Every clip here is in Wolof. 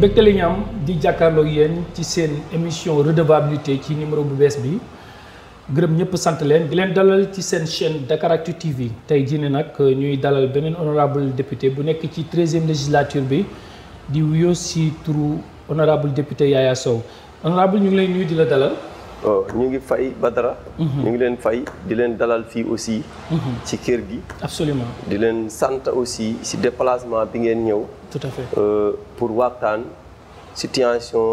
mbégte la am di jàkkaarloo yéen ci seen émission redevabilité ci numéro bu bees bi gërëm ñëpp sant leen di leen dalal ci seen chaîne Dakaractu TV tey jii ne nag ñuy dalal beneen honorable député bu nekk ci treizième législature bi di wuyoo si turu honorable député Yaya Sow honorable ñu ngi lay nuyu dalal. Euh, ñu ngi fay Badara. Mhm. ñu ngi leen fay di leen dalal fii aussi. Mhm. ci kër gi. absolument di leen sant aussi si déplacement bi ngeen ñëw. tout à fait euh, pour waxtaan situation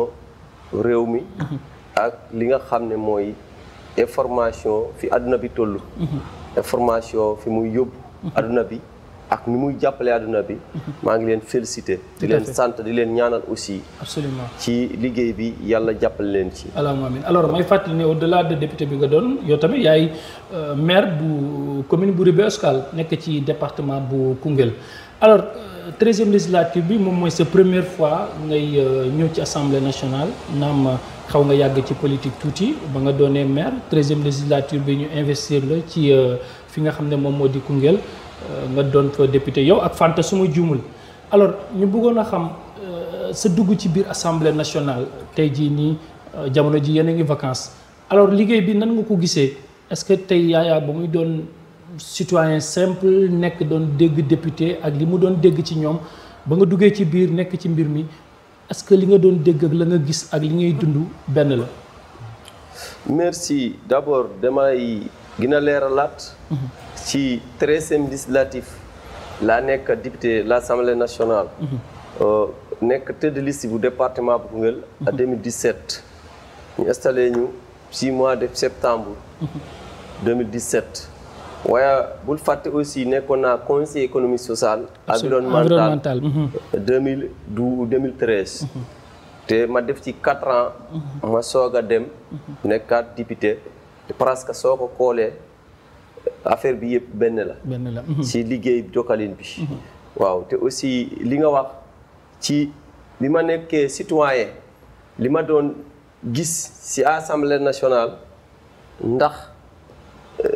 réew mi. Mhm. ak li nga xam ne mooy information fi àdduna bi toll. information fi muy yóbbu. àdduna bi. ni muy jappalé aduna bi maa ngi leen félicité di len sant di len ñaanal aussi absolument ci liguey bi yalla jàppale len ci allahumma amin alors may fàttali ne au delà de député bi nga doon yo tamit yaay euh, maire bu commune bu Rufisque Escale nekk ci département bu Koungheul alors 13e euh, législature bi mom moy sa première fois ngay euh, ñëw ci assemblée nationale nam xaw nga yàgg ci politique tuuti ba nga donné maire 13e législature bi ñu investir la ci fi nga xamné mom modi moo Euh, nga doon fa député yow ak Fanta suma juumul alors ñu bëggoon a xam euh, sa dugg ci biir assemblée nationale tey jii nii euh, jamono ji yéen a ngi vacances alors liggéey bi nan nga ko gisee est ce que tey yaayaa ba muy doon citoyen simple nek don dégg député ak li mu doon dégg ci ñoom ba nga duggee ci biir nekk ci mbir mi est ce que li nga doon dégg ak la nga gis ak li ngay dund benn la merci d'abord damay y a leeralaat ci e législatif la nek député l'Assemblée nationale euh, nek tête de liste du département bu Koungheul en 2017 ñu installé ñu 6 mois de septembre 2017 waaye bul fàtte aussi nekkoon naa conseil économique social environnemental 2012 2013 mhm. mhm. te ma def ci 4 ans ma soog a mhm. nek 4 député parce soo ko koolee affaire bi yëpp benn la. benn la mhm. ci liggéey jokkalin bi. waaw te aussi li nga wax ci bi ma nekkee citoyen li ma doon gis ci assemblée nationale ndax euh,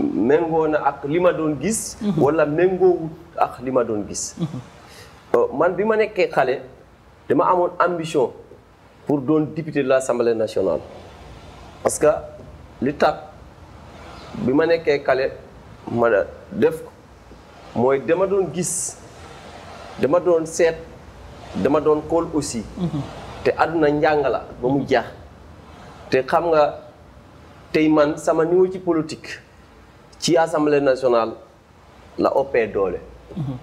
méngoo na ak li ma doon gis. Mhm. wala méngoowut ak li ma doon gis. Mhm. Euh, man bi ma nekkee xale dama amoon ambition pour doon député la l'assemblée nationale parce que. li tax bi ma nekkee kale ma def dama gis dama don set, dama don xool aussi mhm. te àdduna njàng la ba mu jeex te xam nga man sama niveau ci politique ci assemblée nationale la ëppee doole mhm.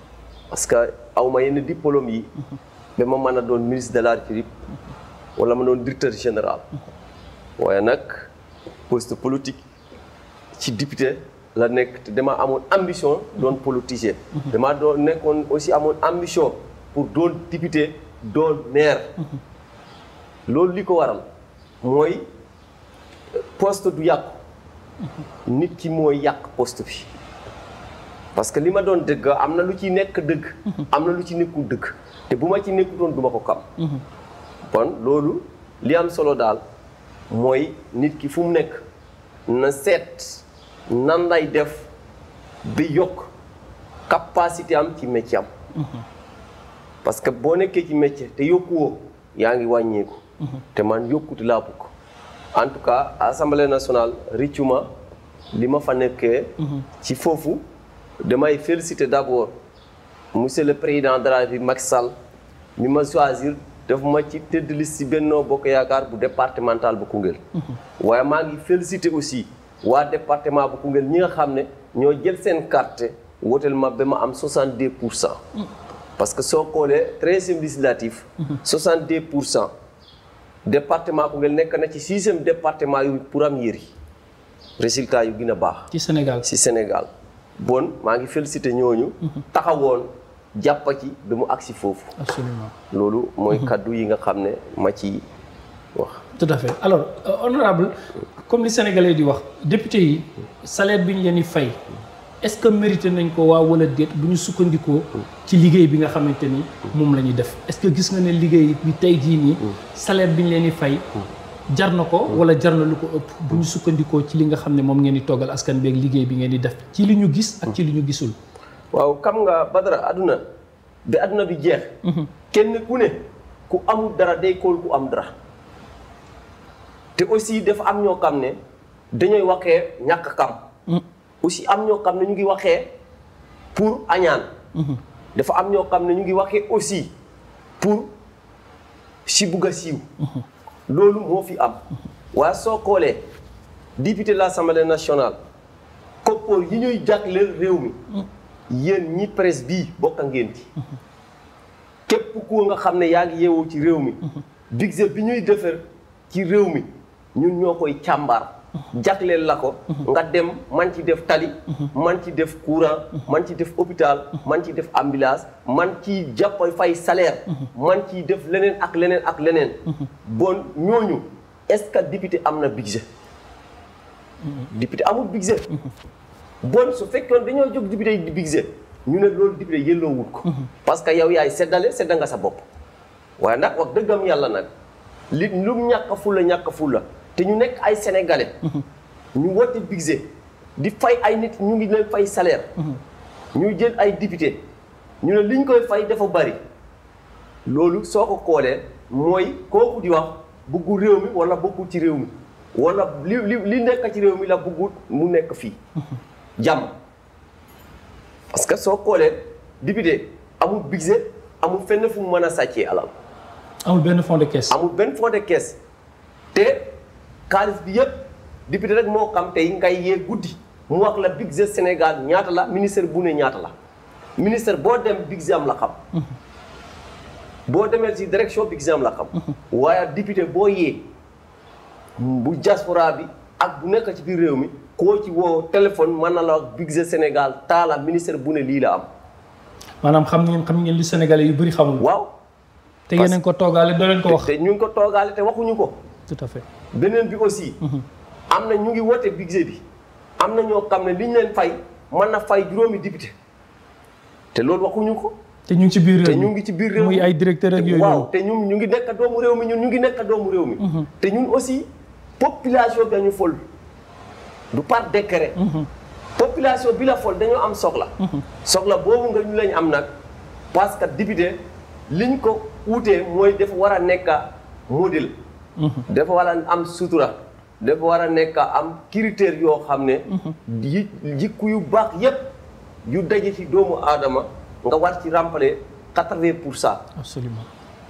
parce que awma yenn diplôme yi mhm. ba ma mën don ministre de wala ma doon directeur général poste politique ci député la nek te dama amoon ambition don politicien. Mhm. dama do nekone aussi amon ambition pour don député don maire. Mhm. loolu liko waral moy euh, poste du yak. Mhm. nit ki moy yak poste bi. parce que lima don deug amna lu ci nek deug amna lu ci nekou deug te buma ci don kam. kon li am solo dal. mooy nit ki fu mu nekk na seet nan lay def bi yokk capacité am ci métier parce que boo nekkee ci métier te yokkuwoo yaa ngi wàññeeku te man yokkute laa bëgg en tout cas assemblée nationale ricuma li ma fa nekkee ci foofu damay féliciter d'abord monsieur le président de la République Macky Sall mi ma choisir def ma ci tëdd liste si Benno Bokk Yaakaar bu départemental bu Koungheul. Mhm. waaye maa ngi félicité aussi waa département bu Koungheul ñi nga xam ne ñoo jël seen carte woteel ma ba ma am 62 pour cent. Mhm. parce que soo xoolee treizième législatif. 62 mhm. pour cent. département Koungheul nekk na ci sixième département yu pour am yëri résultat yu gën a baax. ci Sénégal ci Sénégal. bon maa ngi félicité ñooñu. taxawoon. jàppa ci du mu agsi foofu absolument loolu mooy mhm. kaddu yi nga xam ne ma ci wax tout à fait alors euh, honorable comme li sénégalais di wax député yi salaire bi ñu leen di fay est-ce que mérité nañ ko waa wala déet bu ñu sukkandikoo ci liggéey bi nga xamante ni moom la ñuy def est-ce que gis nga ne liggéey bi tey jii nii mhm. salaire bi ñu leen di fay mhm. jar na ko wala jar na lu ko ëpp bu ñu sukkandikoo ci li nga xam ne moom ngeen di toggal askan beek liggéey bi ngeen di def ci li ñu gis ak ci li ñu gisul waaw xam nga Badara àdduna bi àdduna bi jeex. Mhm. kenn ku ne ku amul dara day kool ku am dara. te aussi dafa am ñoo xam ne dañooy waxee ñàkk kam mhm. aussi am ñoo xam ne ñu ngi waxee pour añaan. Mhm. dafa am ñoo xam ne ñu ngi waxee aussi pour si bugg a siiw. loolu moo fi am. waaye soo xoolee député de l'Assemblée nationale koppoor yi ñuy jagleel réew mi. yéen ñi presse bi bokk ngeen ci képp ku nga xam ne yaa ngi yeewoo ci réew mi budget bi ñuy defar ci réew mi ñun ñoo koy càmbar jagleel la ko nga dem man ci def tali man ci def courant man ci def hôpital man ci def ambulance man ci jàpp fay salaire man ciy def leneen ak leneen ak leneen bon ñooñu est-ce que député am na budget député amul budget bon su fekkee dañoo jóg député di bigse ñu ne loolu député yelloo wut ko mhm. parce que yow yaay seddale sedda nga sa bopp waaye nag wax dëggam yàlla nag li lu ñàkk fulla ñàkk fulla te ñu nekk ay sénégalais mhm. ñu wote bigse di fay ay nit ñu ngi leen fay salaire mhm. ñuy jël ay député ñu ne liñ koy fay dafa bari loolu soo ko koolee mooy kooku di wax bëggu réew mi wala bëggu ci réew mi walla li li li nekk ci réew mi la bëggut mu nekk fii jàmm parce que soo koolee député amul budget amul fenn fu mu mën a sàccee alal. amul benn fond de caisse. amul benn fond de kes te xaalis bi yëpp député rek moo xam te tey ngay yee guddi mu wax la budget Sénégal ñaata la ministère bu ne ñaata la ministère boo dem budget am la xam. Mhm. boo demee ci direction budget am la xam. Mhm. waaye député boo yee bu diaspora bi ak bu nekk ci biir réew mi. koo ci woo téléphone mën na la wax budget Sénégal taala ministère bu ne lii la am. maanaam xam ngeen xam ngeen li Sénégalais yu bëri xamul. waaw te yéen ko toogaale doo leen ko wax. te ñu ngi ko toogaale te waxuñu ko. tout à beneen bi aussi. Mhm. am na ñu ngi woote budget bi. am na ñoo xam ne li ñu leen fay mën na fay juróomi député te loolu waxuñu ko. te ñu ngi ci biir réew ñu ngi ci biir réew muy ay directeur ak yooyu. te ñun ñu ngi nekk doomu réew mi ñun ñu ngi nekk doomu réew mi. Mhm. te ñun aussi population bi ñu fol. du par décret. Mhm. population bi la fol dañoo am soxla. Mhm. soxla boobu nga ñu lañ am nag parce que député liñ ko uutee mooy dafa war nekk modèle. Mhm. dafa war am sutura. dafa war nekk am critère yoo xam ne. yi jikku yu baax yépp yu daje ci doomu aadama nga war ci rampale quatre-vingts pour cent. absolument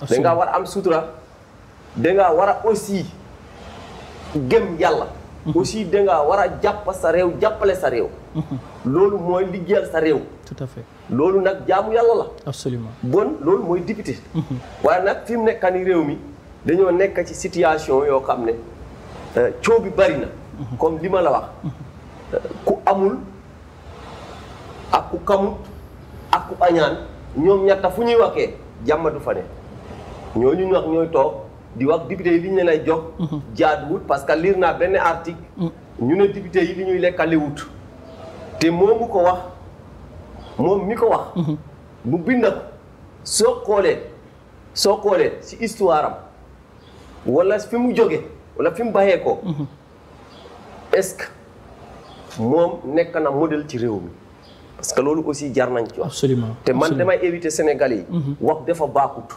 da ngaa war am sutura da ngaa war a aussi gëm yàlla. Mhm. aussi da ngaa war a jàpp sa réew jàppale sa réew. Mhm. loolu mooy liggéeyal sa réew. tout à fait loolu nag jaamu yàlla la. absolument bon loolu mooy député. Mhm. waaye nag fi mu nekk ni réew mi dañoo nekk ci situation yoo xam ne euh, coow bi bari na. comme li ma la wax. Euh, ku amul ak ku kamut ak ku añaan ñoom ñetta fu ñuy waxee jàmm du fa ne ñooñu ñu wax ñooy toog. di wax député yi li ñu leen ay jox. jaaduwut parce que lire naa benn article. ñu ne député yi li ñuy lekkaliwut te moomu ko wax moom mi ko wax. mu bind soo xoolee soo xoolee si histoire am wala fi mu jóge wala fi mu bàyyee ko. est-ce que moom nekk na model ci réew mi. parce que loolu aussi jar nañ ci wax. absolument te man damay éviter Sénégalais yi. Mhm. wax dafa baaxut.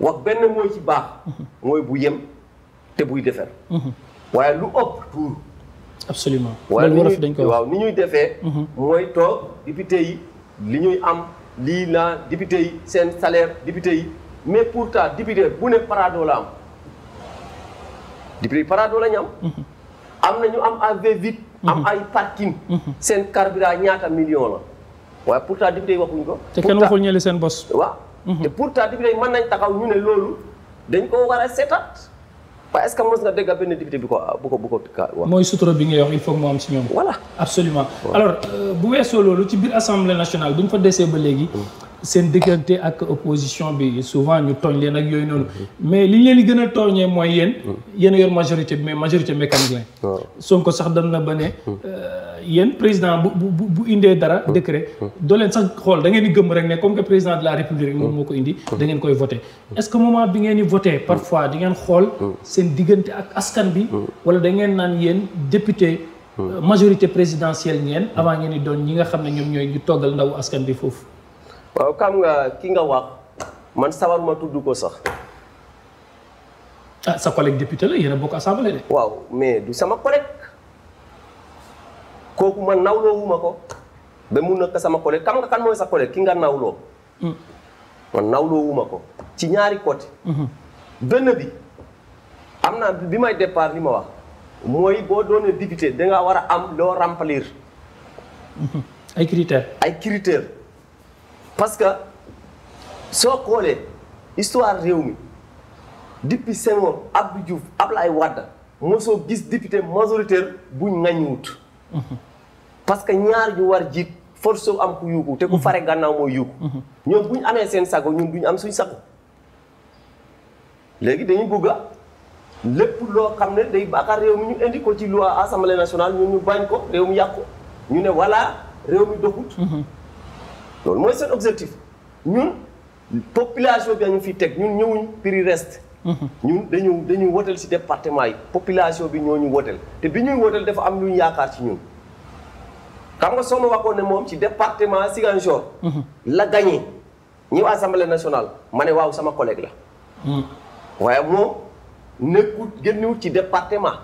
wax benn mooy ci baax mooy bu yem te buy defar waaye lu ëpp tuur absolument waaye dañ koy waaw ni ñuy defee mhm. mooy toog député yi li ñuy am lii la député yi seen salaire député yi mais pourtant député bu ne parado la am député yi parado la ñu am mhm. am na ñu am ay V8 mhm. am ay parking seen carburant ñaata million la waaye pourtant député yi waxuñ ko te kenn waxul ñëli seen bos te pourtant député man nañ taxaw ñu ne loolu dañ koo war a setat waaye est que mos nga dégg benn député bi ko ah, bu ko bu ko wax. mooy sutura bi nga wax il faut que am si ñoom. voilà absolument alors euh, bu weesoo loolu ci biir assemblée nationale bu ñu fa desee ba léegi. Hmm. sen diggante ak opposition bi souvent ñu togn leen ak yoy noonu. mais li ñu leen di gën a tooñee yeen yéen. yor majorité mais majorité mécanique la. Sonko sax dañ na bané ne. Euh, yéen président bu bu bu indee dara. décret do leen sax xol da ngeen di gëm rek né comme que président de la république mom moko indi. da ngeen koy voter est ce que moment bi ngeen di voter parfois di ngeen xol sen diggante ak askan bi. wala da ngeen naan yeen député. Euh, majorité présidentielle ngeen. avant ngeen di doon ñi nga xamné ñom ñoy ñooy ñu toggal ndaw askan bi fofu waaw xam nga ki nga wax man sawaruma tudd ko sax. ah sa collègue député la yéen a bokk assemblée de. waaw mais du sama collègue kooku man nawloowuma ko ba mun na ko sama collègue xam nga kan mooy sa collègue ki nga nawloo. Hmm. man nawloowuma ko ci ñaari côté. Hmm. benn bi am na bi may départ li ma wax mooy boo doonee député da nga war a am loo remplir. Hmm. ay critères ay critères. parce que soo xoolee histoire réew mi ab depuis Senghor Abdou Diouf Ablaye Wade mosoo gis député majoritaire buñ ŋañuwut parce que ñaar ñu war jiit force su am ku yuuku te ku mhm. fare gànnaaw mooy yuuku mhm. ñoom buñ amee seen sago ñun duñu am suñ sago léegi dañuy bëgg a lépp loo xam ne day baakaar réew mi ñu indi ko ci loi assemblée nationale ñun ñu bañ ko réew mi yàqu ñu ne voilà réew mi doxut mhm. loolu mooy seen objectif ñun population bi ñu fi teg ñun ñëwuñ prix reste mhm. ñun dañu dañuy woteel si département yi population bi ñoo ñu woteel te bi ñuy woteel dafa am lu yaakaar si ñun xam nga soo waxoon ne moom ci département Ziguinchor mhm. la gagné ñëw assemblée national ma ne waaw sama collègue la mhm. waaye moom nekkut génnewut ci département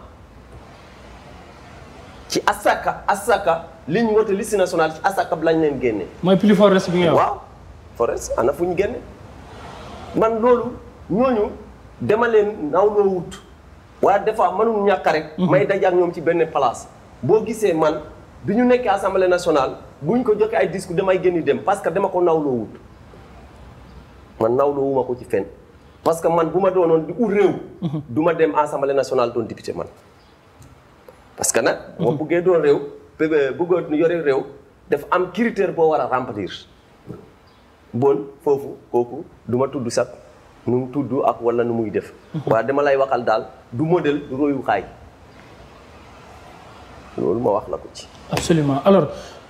ci asaka asaka li ñu woote liste nationale ci asakab lañ leen génne. mooy plus bi nga wax. waaw forest ana fu ñu génne man loolu ñooñu dama leen naw loo wut waaye des fois mënuñu ñàkk rek. Mhm. may daje ak ñoom ci benn place. boo gisee man bi ñu nekkee assemblée nationale buñ ko joxe ay discours damay génni dem parce que dama ko naw loo wut man naw loo wuma ko ci fenn. parce que man bu ma doonoon di ut réew. Mhm. du ma dem assemblée nationale doon député man. parce que nag. boo mhm. buggee doon réew. bëggoon yore réew dafa am critère boo war a remplir bon foofu kooku duma tudd sax nu mu tudd ak wala nu muy def. Mhm. waaye dama lay waxal daal du modèle du royukaay loolu ma wax la ko ci. absolument alors.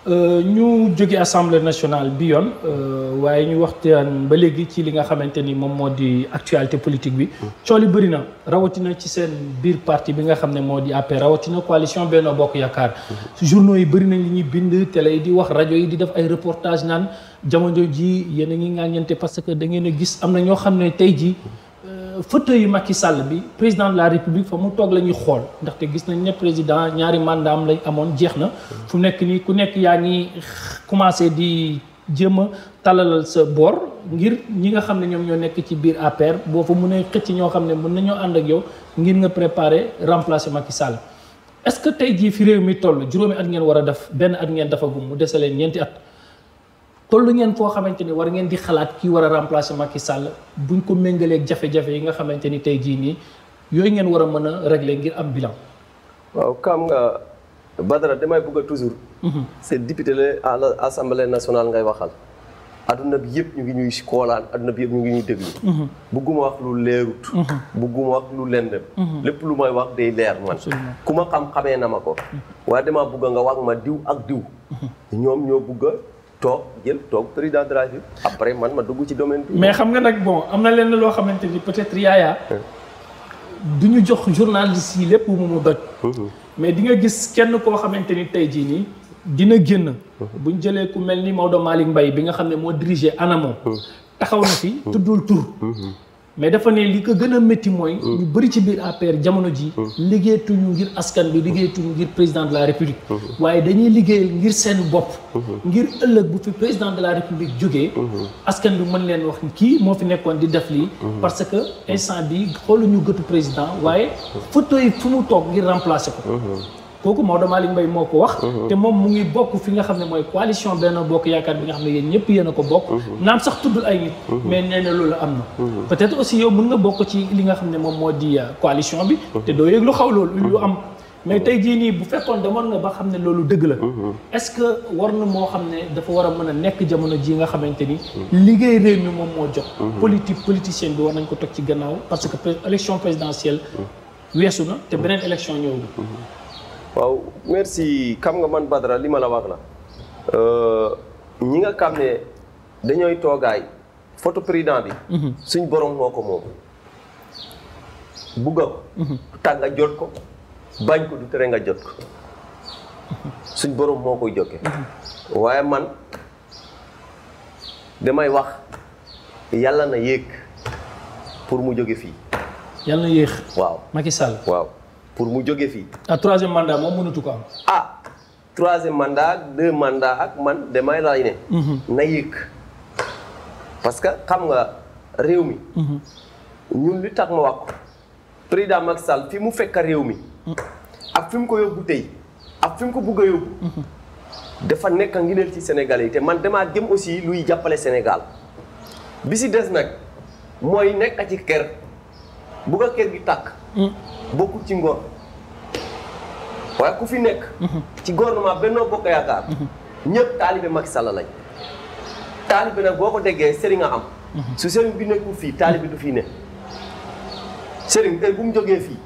Euh, ñu jóge assemblée nationale bi yoon euh, waaye ñu waxtaan ba léegi ci li nga xamante ni moom moo di actualité politique bi cooli bëri na rawatina ci seen biir parti bi nga xam ne moo di APR rawatina coalition Benno Bokk Yaakaar journaux yi bëri nañ li ñuy bind tele yi di wax rajo yi di def ay reportage naan jamono ji yéen a ngi ngàññante parce que dangeen a gis am na ñoo xam ne tey jii fauteuil yu Macky sàll bi président de la république fa mu toog la ñuy xool ndaxte gis nañ ne président ñaari mandat lañ amoon jeex na fu nekk nii ku nekk yaa ngi commencé di jéem a talalal sa boor ngir ñi nga xam ne ñoom ñoo nekk ci biir APR boo fa mënee xëcc ñoo xam ne mën nañoo ànd ak yow ngir nga préparer remplacer Macky Sall est-ce que tey jii fi réew mi toll juróomi at ngeen war a def benn at ngeen dafa gum mu dese ñeenti at. tollu ngeen foo xamante ni war ngeen di xalaat kii war a remplacer Macky Sall buñ ko méngaleeg jafe-jafe yi nga xamante ni tey jii nii yooyu ngeen war a mën a régler ngir am bilan waaw kam nga badara damay bëgg toujours c'est mhm. député la à l'assemblée nationale ngay waxal aduna bi yëpp ñu ngi ñuy koolaan aduna bi yëpp ñu ngi ñuy déglu mhm. bugguma wax lu leerut mhm. bugguma wax lu lendem lépp lu may wax day leer man ku ma xam xamee na ma ko waaye dama bugg nga wax ma diw ak diw ñoom ñoo bugg toog jël toog président de la République après man ma dugg ci domaine bi. mais xam nga nag bon am na lenn loo xamante ni peut-être yaaya du ñu jox journaliste yi lépp mu mu doj. mais di nga gis kenn koo xamante ni tey jii nii dina génn. bu ñu jëlee ku mel ni Maodo Malick mbay bi nga xam ne moo dirigé ANAMO. taxaw na fi tuddul tur. mais dafa ne li ko gën a métti mooy. Mm. ñu bëri ci biir APR jamono ji mm. liggéeyatuñu ngir askan bi mm. liggéeyatuñu ngir président de la république. waaye dañuy liggéeyal ngir seen bopp. ngir ëllëg bu fi président de la république jógee. askan bi mën leen wax kii moo fi nekkoon di def lii. parce que instant bi ñu gëtu président waaye photo yi fu mu toog ngir remplacer ko. kooku moo Maodo Malick Mbaye moo ko wax mhm. te moom mu ngi bokk fi nga xam ne mooy coalition Benno Bokk Yaakaar bi nga xam ne yéen ñëpp yéen ko bokk mhm. naam sax tuddul ay nit mhm. mais nee na loolu am na être aussi yow mën nga bokk ci li nga xam ne moom moo di euh, coalition bi te doo yëg lu xaw loolu lu am mais tey jii nii bu fekkoon demoon nga ba xam ne loolu dëgg la est-ce que war na moo xam ne dafa war a mën a nekk jamono jii nga xamante ni liggéey réew mi moom moo jox politique politicien bi war nañ ko teg ci gannaaw parce que élection présidentielle weesu na te beneen élection ñëwul waaw merci xam nga man Badara li ma la wax la euh, ñi nga xam ne dañooy toogaay photo président bi mhm. suñ borom moo ko moom bugga ko mhm. tàng nga jot ko bañ ko du tere nga jot ko suñ borom moo koy jokke mhm. waaye man damay wax yàlla na yéeg pour mu jóge fii yàlla na yéex waaw Macky Sall waaw pour mu jóge fii. ah troisième mandat moom mënatu ko am. ah troisième mandat ak deux mandat ak man damay laaj ne. Mhm. na yëg parce que xam nga réew mi. Mhm. ñun li tax ma wax ko président Macky Sall fi mu fekk réew mi. Mhm. ak fi mu ko yóbbu ak ko dafa ngineel ci Sénégal yi man aussi luy Sénégal bi ci kër kër gi ci ngor. waaye ku fi nekk. Mhm. ci gouvernement Benno Bokk Yaakaar. Mhm. ñëpp taalibe Macky Sall lañ. taalibe nag boo ko deggee sëriñ am. Mhm. su sëriñ bi nekkul fii taalibe du fii ne. sëriñ tey bu mu jógee fii.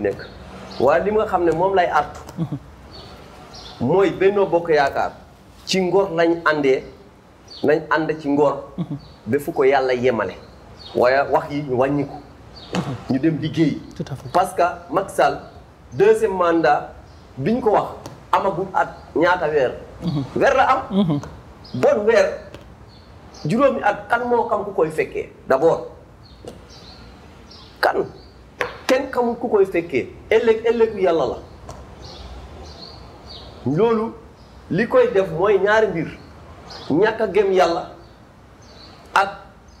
nekk. waaye li nga xam ne moom lay artu. mooy Benno Bokk Yaakaar ci ngor lañ àndee nañ ànd ci ngor. ba fu ko yàlla yemale. waaye wax yi ñu wàññi ko. ñu dem liggéey. parce que Macky Sall. deuxième mandat biñ ko wax amagul at ñaata weer. Mhm. weer la am. Mhm. bon weer juróomi at kan moo xam ku koy fekkee d'abord kan kenn xamul ku koy fekkee ëllëg ëllëgu yàlla la loolu li koy def mooy ñaari mbir ñàkk a gëm yàlla ak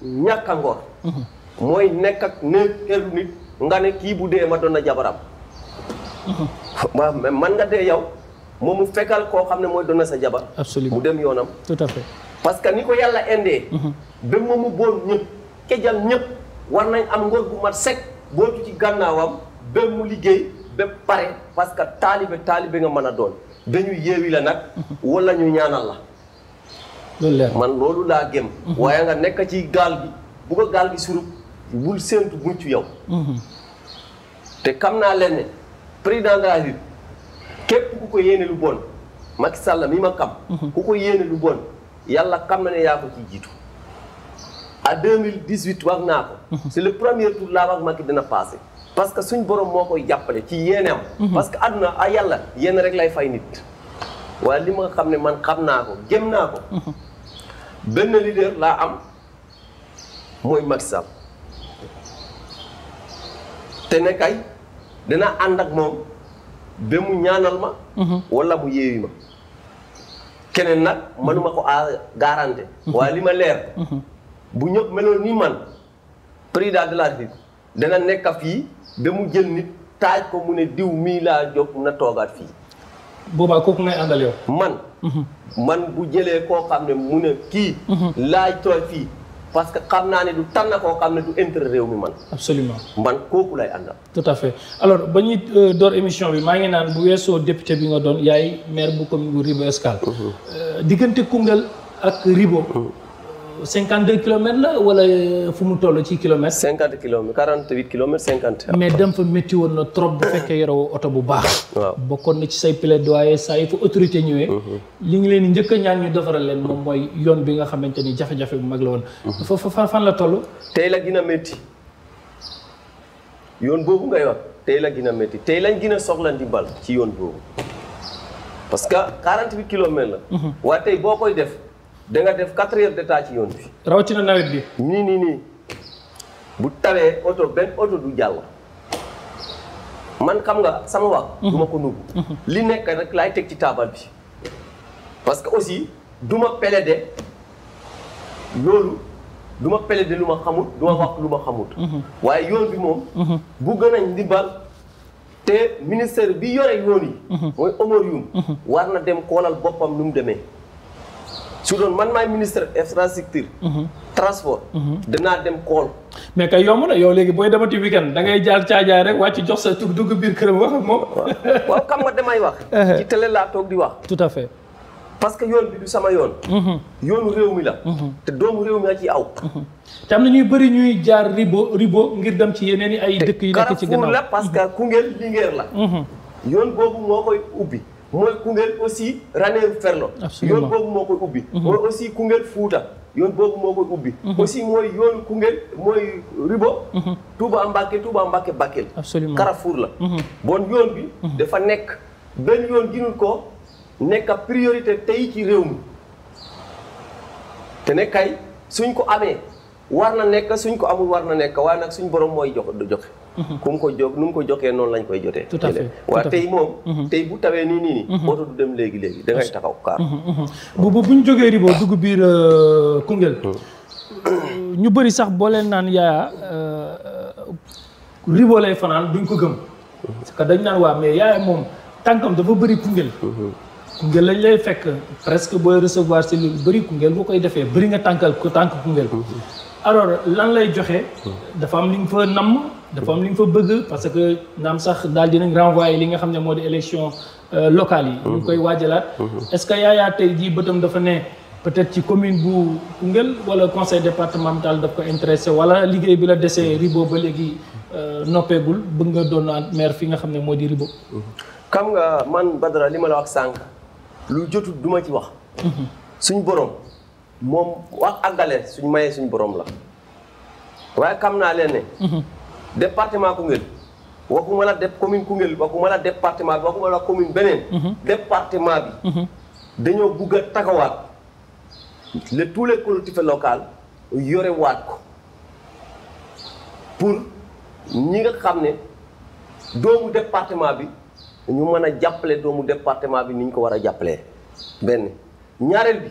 ñàkk a ngor. Mhm. mooy nekk ak néeg nit nga ne kii bu dee ma doon na jabaram. waaw mais man nga dee yow moom mu fekkal koo xam ne mooy doon na sa jabar absolument mu dem yoonam tout à fait parce que ni ko yàlla indee ba moom mu boon ñëpp kejal ñëpp war nañ am ngor bu mat sec bootu ci gànnaawam ba mu liggéey ba pare parce que taalibe taalibe nga mën a doon dañu yeewi la nag mhm. wala ñu ñaanal la man loolu laa gëm mhm. waaye nga nekk ci gaal bi bu gaal bi surub bul séentu mucc yow mhm. te xam naa leen président de képp ku ko yéene lu bon Sall mi ma xam. Mhm. ku ko yéene lu yàlla xam na ne yaa ci jiitu. à 2018 wax naa ko. Mhm. c'est le premier tour laa wax Macky dina passé. parce que suñ borom moo koy jàppale ci yéeneem. Mhm. parce que àdduna a yàlla yéen rek lay fay nit. waaye li ma xam ne man xam naa ko gëm naa ko. benn leader laa am mooy Macky Sall te ne dana ànd ak moom ba mu ñaanal ma. Mhm. wala mu yeewi ma. keneen nag mënuma ko a garanté. Mhm. waaye li ma leer. Mhm. bu ñëpp meloon ni man président de la République dana nekk fii ba mu jël nit taaj ko mu ne diw mii laa jóg na toogaat fii. boobaa kooku ngay àndal yow. man. man bu jëlee koo xam ne mu ne kii. laaj tooy fii. parce que xam naa ne du tànn koo xam ne du intérêt réew mi man. absolument man kooku lay àndal. tout à fait alors ba ñuy euh, door émission bi maa ngi naan bu weesoo député bi nga doon yaay maire bu commune bu Ribot Escale. Mhm. Euh, diggante Koungheul ak ribo mhm. 52 kilomètres la wala euh, fu mu toll ci kilomètres. 50 kilomètres 48 kilomètres 50. mais dem fa métti woon na trop bu fekkee yorewoo oto bu baax. waaw bokkoon na ci say plaidoyer saa yi fa autorité ñëwee. Mhm. li ngi leen njëkk ñaan ñu defaral leen moom mooy yoon bi nga xamante ni jafe-jafe bu mag la woon. Mhm. fa fan la toll. tey la gën a métti yoon boobu ngay wax tey la gina a métti tey lañ gën a soxla ndimbal ci yoon boobu parce que 48 kilomètres la. Mhm. waa tey boo koy def. da nga def quatre heures de temps ci yoon bi. rawatina nawet bi. nii nii nii bu tawee oto benn oto du jàll. man xam nga sama wax. Mhm. du ko nugg. Mhm. li nekk rek laay teg ci taabal bi. parce que aussi du ma plaider loolu duma ma plaider lu ma xamut du ma wax lu ma xamut. Mhm. waaye yoon bi moom. bu gën a ndimbal te ministère bi yore yoon yi. mooy Oumar Youm war na dem koolal boppam lu mu demee. su doon man maay ministre infrastructure mhm. transport mhm. danaa dem kool mais kay yomb na yow léegi booy demati weekend da ngay jaar caajaay rek wàcc jox sa tug dugg biir këram wax ak moom waaw xam nga damay wax uh-huh. ci télé laa toog di wax tout à fait parce yoon bi du sama yoon mhm. yoonu réew mi la te doomu réew mi a ci aw te am na ñuy bëri ñuy jaar ribo ribo ngir dem ci yeneen i ay dëkk yu nekk ci gannaaw la parce que Koungheul Linguère la yoon boobu moo koy ubbi mooy Koungheul aussi Ranérou Ferlo yoon boobu moo koy ubbi mhm. mooy aussi Koungheul Fouta yoon boobu moo koy ubbi mhm. aussi mooy yoon Koungheul mooy Ribo mhm. Touba Mbacké Touba Mbacké Bakel Carrefour la bon yoon bi dafa nekk benn yoon ginul ko nekk priorité tey ci réew mi te ne suñ ko amee war na nekk suñ ko amul war nekk waaye nag suñ borom mooy jox du joxe. Mhm. ku mu ko jox nu mu ko joxee noonu lañ koy jotee. tout à fait waaw tey moom. Mhm. tey bu tawee nii nii nii. Mhm. oto du dem léegi léegi da ngay taxaw kaar. bu bu buñ jógee Ribo dugg biir euh, Koungheul. Euh, ñu bëri sax boo leen naan yaaya euh, Ribo lay fanaan duñ ko gëm. parce que dañ naan waa mais yaaya moom tànkam dafa bëri Koungheul. Koungheul lañ lay fekk presque booy recevoir si lu bëri Koungheul boo koy defee bëri nga tànkal ko tànk Koungheul. alors lan lay joxe. Hmm. dafa am li nga fa namm. dafa am li nga fa bëgg parce que naam sax daal dinañ renvoyer li nga xam ne moo di élection euh, locale yi. ñu hmm. koy waajalaat. Hmm. est-ce que yaayaa tey jii bëtam dafa ne peut-être ci commune bu Koungheul wala conseil départemental daf ko intéressé wala liggéey bi la desee Ribo ba léegi euh, noppeegul bëgg nga doon naan maire fi nga xam ne moo di Ribo. xam nga man Badara li ma la wax sànq. lu jotul du ma ci wax. suñu borom. moom wax àggale suñ mayee suñ borom la waaye xam naa leen ne mhm. département Koungheul waxuma la def commune Koungheul waxuma la département bi waxuma la commune beneen mhm. département bi mhm. dañoo bugg a tagawaat le tous les collectivités locales yore waat ko pour ñi nga xam ne doomu département bi ñu mën a jàppale doomu département bi niñ ko war a jàppale benn ñaareel bi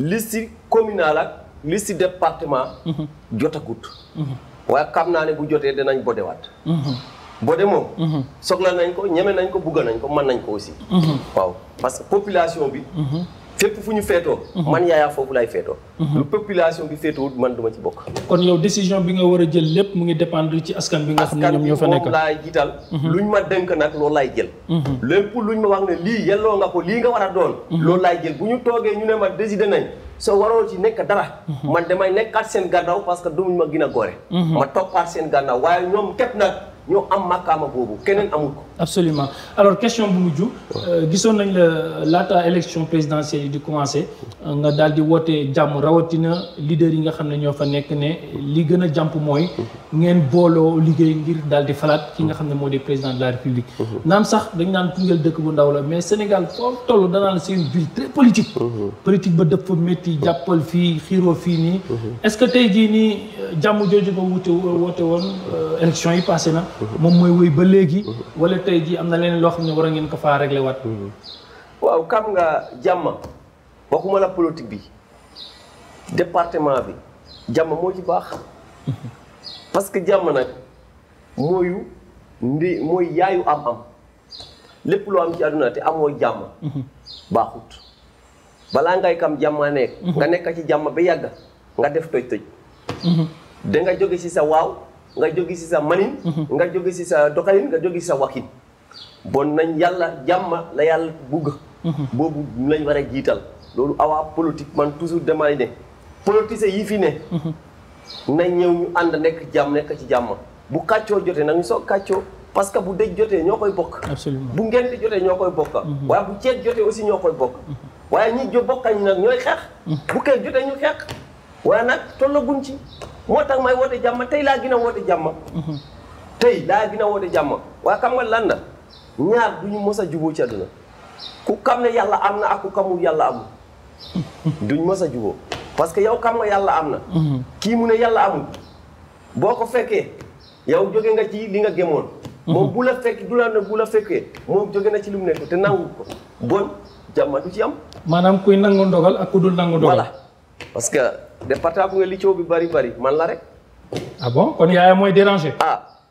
liste communale ak liste département. Mhm. jotagut. Mhm. waaye xam naa ne bu jotee danañ bodewaat. Mhm. bode moom. soxla nañ ko ñeme nañ ko bugga nañ ko man nañ ko aussi. waaw parce que population bi. fépp fu ñu feetoo mhm. man yaayaa foofu laay feetoo mhm. lu population bi feetoo man du ma ci bokk kon yow décision bi nga war a jël lépp mu ngi dépendre ci askan bi nga xam ne ñoo fa nekk mhm. lii nga war a doon loolu laay jël bu ñu toogee ñu ne ma décidé nañ soo waroo ci nekk dara man damay nekkaat seen gànnaaw parce que dumuñu ma a ma toppaat seen gànnaaw waaye ñoom képp nag ñoo am makaama boobu keneen amul ko absolument alors question bu mujj. Euh, gisoon nañ la laata élection présidentielle yi commencer commencé nga daal dit woote rawatina leader yi nga xam ne ñoo fa nekk ne li gën a jàmp mooy de mm-hmm. booloo ngir nga mm-hmm. président de la république. Mm-hmm. naam sax dañ naan Koungheul dekk bu ndaw mais Sénégal foo tollu da la c'est une ville très politique. politique ba dëpp métti jàppal est-ce que tay jii ni jàmm jooju ko wute woté won euh, élection yi passé na. mom moy wéy ba légui wala. tey jii am na leen loo xam ne war ngeen ko faa regle waat. Mhm. waaw kam nga jàmm waxuma la politique bi département bi jàmma moo ci baax parce que jàmm nag mooyu ndi mooy yaayu am-am lépp loo am ci àdduna te amoo jàmm mhm. baaxut balaa ngay kam jàmmaa nekk mhm. nga nekk ci jàmm bi yàgg nga def toj-toj da nga jóge ci sa waaw nga jóge si sa manin mhm. nga jóge si sa doxalin nga jóge si sa waxin bon nañ yàlla jàmm la yàlla bugg mhm. boobu nañ war jiital loolu awaa politique man toujours damay ne politicien yi fi ne mhm. nañ ñëw ñu ànd nekk jàmm nekk ci jàmm bu kaccoo jotee nag ñu soog kàccoo parce que bu dëj jotee ñoo koy bokk bu ngeen jotee ñoo koy bokk waaye bu ceet jotee aussi ñoo koy bokk waaye ñi bokkañ nag ñooy xeex bu jotee ñu xeex waaye nag tollaguñ ci moo tax may woote jàmma tey laa gin a woote jàmma mhm. tey laa gën a woote jàmm waaye xam nga landa ñaar du ñu mës a juboo ci àdduna ku xam ne yàlla am na ak ku xamul yàlla amul mhm. duñ mas a juboo parce que yow xam nga yàlla am na. Mhm. kii mu ne yàlla amul boo ko fekkee yow joge nga ci li nga gemoon moom bu la fekk du la ne bu la fekkee moom joge na ci lu mu nekk te nangu ko bon jàmm du ci am. maanaam kuy nangu ndogal ak ku dul nangu ndogal. voilà département bu nga li coow bi bari bari man la rek. ah bon kon yaay moy déranger. ah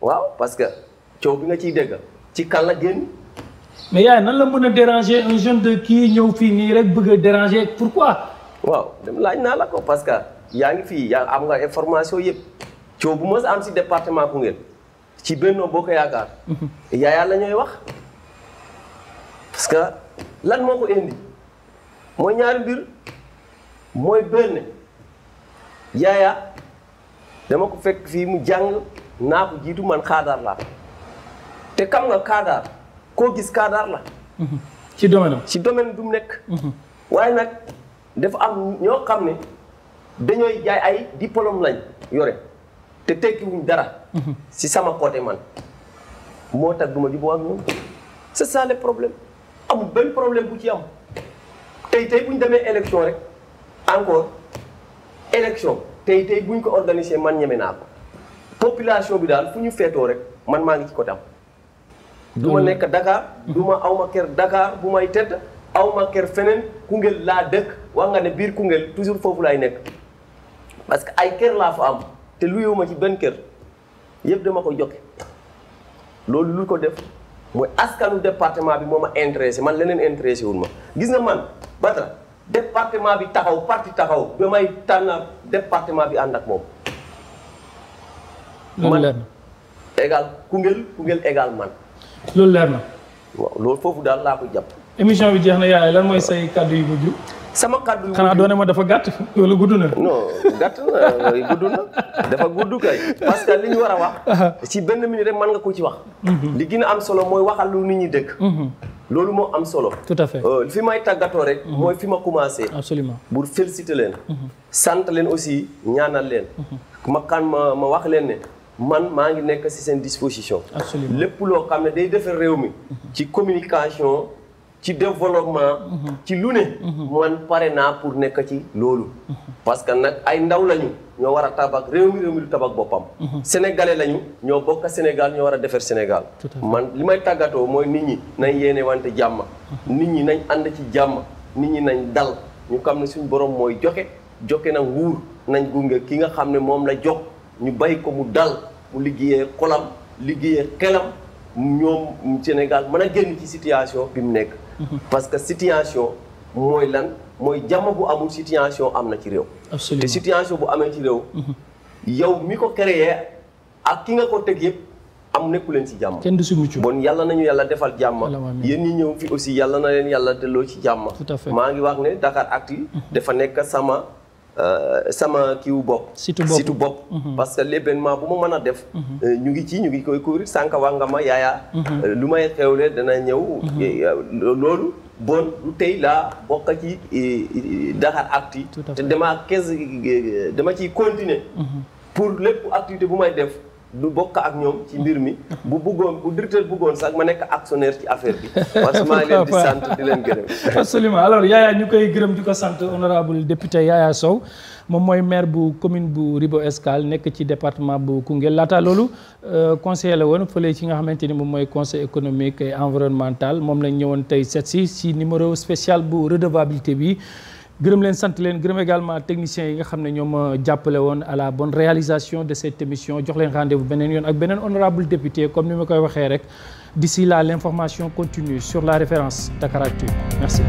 waaw parce que coow bi nga ci dégg ci kan la génn. mais yaay nan la mën déranger un jeune de kii ñëw fi ni rek bëgg déranger pourquoi. waaw dem laaj na la ko parce que yaa ngi fi ya am nga information yépp coow bu mos am ci département ku Koungheul ci Benno boko Yaakaar. Mhm. yaayaa la ñoy wax parce que lan moko indi moy ñaari bir moy benn. yaya dama ko fekk fii mu jàng naa ko man kadar laa te kam nga kaadaar koo gis kaadaar la ci domaine ci domaine mhm. am ñoo xam ne dañooy jaay ay diplôme lañ yore te tekkiwuñ dara mhm. si sama côté man moo tax duma juboo ak ñoom c'est ça le problème amul benn problème bu ci am tey tey bu ñu élection rek encore élection tey tey bu ñu ko organiser man ñeme naa ko population bi daal fu ñu feetoo rek man maa ngi ci ko tam du ma nekk Dakar du ma aw ma kër Dakar bu may tedd aw ma kër feneen Koungheul laa dëkk wax nga ne biir Koungheul toujours foofu laay nekk parce que ay kër laa fa am te luyewu ma ci benn kër yëpp dama ko joxe loolu lu ko def mooy askanu département bi moom ma intéressé man leneen intéressé wul ma gis na man Batra département bi taxaw parti taxaw ba may tànn département bi ànd ak moom. loolu leer na égal Koungheul Koungheul égal man. loolu leer na. waaw loolu foofu daal laa ko jàpp. émission bi jeex na yaay lan mooy say kaddu yu mujj. sama kaddu yu xanaa ma dafa gàtt wala gudd na. non gàtt na gudd na dafa gudd kay parce que li ñu war a wax. si benn minute rek mën nga ko ci wax. Mhm. li ginna am solo mooy waxal lu nit ñi dëkk. loolu moo am solo. tout à fait euh, fi may tàggatoo rek. Mhm. mooy fi ma commencé. absolument pour féliciter leen. Mhm. sant leen aussi ñaanal leen. Mhm. ma kan ma ma wax leen ne. man maa ngi nekk ci seen disposition. absolument lépp loo xam ne day defe réew mi. ci communication. ci développement. ci lu ne. man pare naa pour nekk ci loolu. parce que nag ay ndaw lañu ñoo war a tabax réew mi réew mi du tabax boppam. sénégalais lañu ñoo bokk Sénégal ñoo war a defar Sénégal. man li may tàggatoo mooy nit ñi nañ yéene wante jàmm. nit ñi nañ ànd ci jàmm nit ñi nañ dal ñu xam ne suñu borom mooy joxe joxe na nguur nañ gunge ki nga xam ne moom la jox ñu bay ko mu dal mu liggéeyee kolam liggéeyee xelam ñoom Sénégal mën a génn ci situation bi mu nekk. parce que situation mooy lan mooy jàmm bu amul situation am na ci réew. te situation bu amee ci réew. Mhm. yow mi ko créé ak ki nga ko teg yëpp am nekku leen ci jàmm. kenn du si mucc bon yàlla nañu yàlla defal jàmm. yéen ñi ñëw fi aussi yàlla na leen yàlla delloo ci jàmm. maa ngi wax ne Dakar Actu mhm. dafa nekk sama. Euh, sama kiw bopp. surtout bopp surtout bopp. Mhm. parce que l'événement bu ma mën a def. Mhm. Euh, ñu ngi ci ñu ngi koy courir sànq wax nga ma yaayaa. Mhm. Euh, lu may xewle dana ñëw. loolu bon lu tey laa bokk ci Dakar Actu. te dama kees dama ciy continuer. pour lépp activité bu may def. du bokk ak ñoom ci mbir mi bu bëggoon bu directeur bëggoon sax ma nekk actionnaire ci affaire bi parce que maa leen di sant di leen gërëm absolument alors Yaya ñu koy gërëm di ko sant honorable député Yaya Sow moom mooy maire bu commune bu Ribo Escale nekk ci département bu Koungheul laata loolu euh, conseiller la woon fële ci nga xamante ni moom mooy conseil économique et environnemental moom lañ ñëwoon tey seet si si numéro spécial bu redevabilité bi gërëm leen grim également technicien qui a xam euh, à la bonne réalisation de cette émission jox leen rendez-vous avec un ak honorable député comme nous le koy d'ici là l'information continue sur la référence Dakaractu merci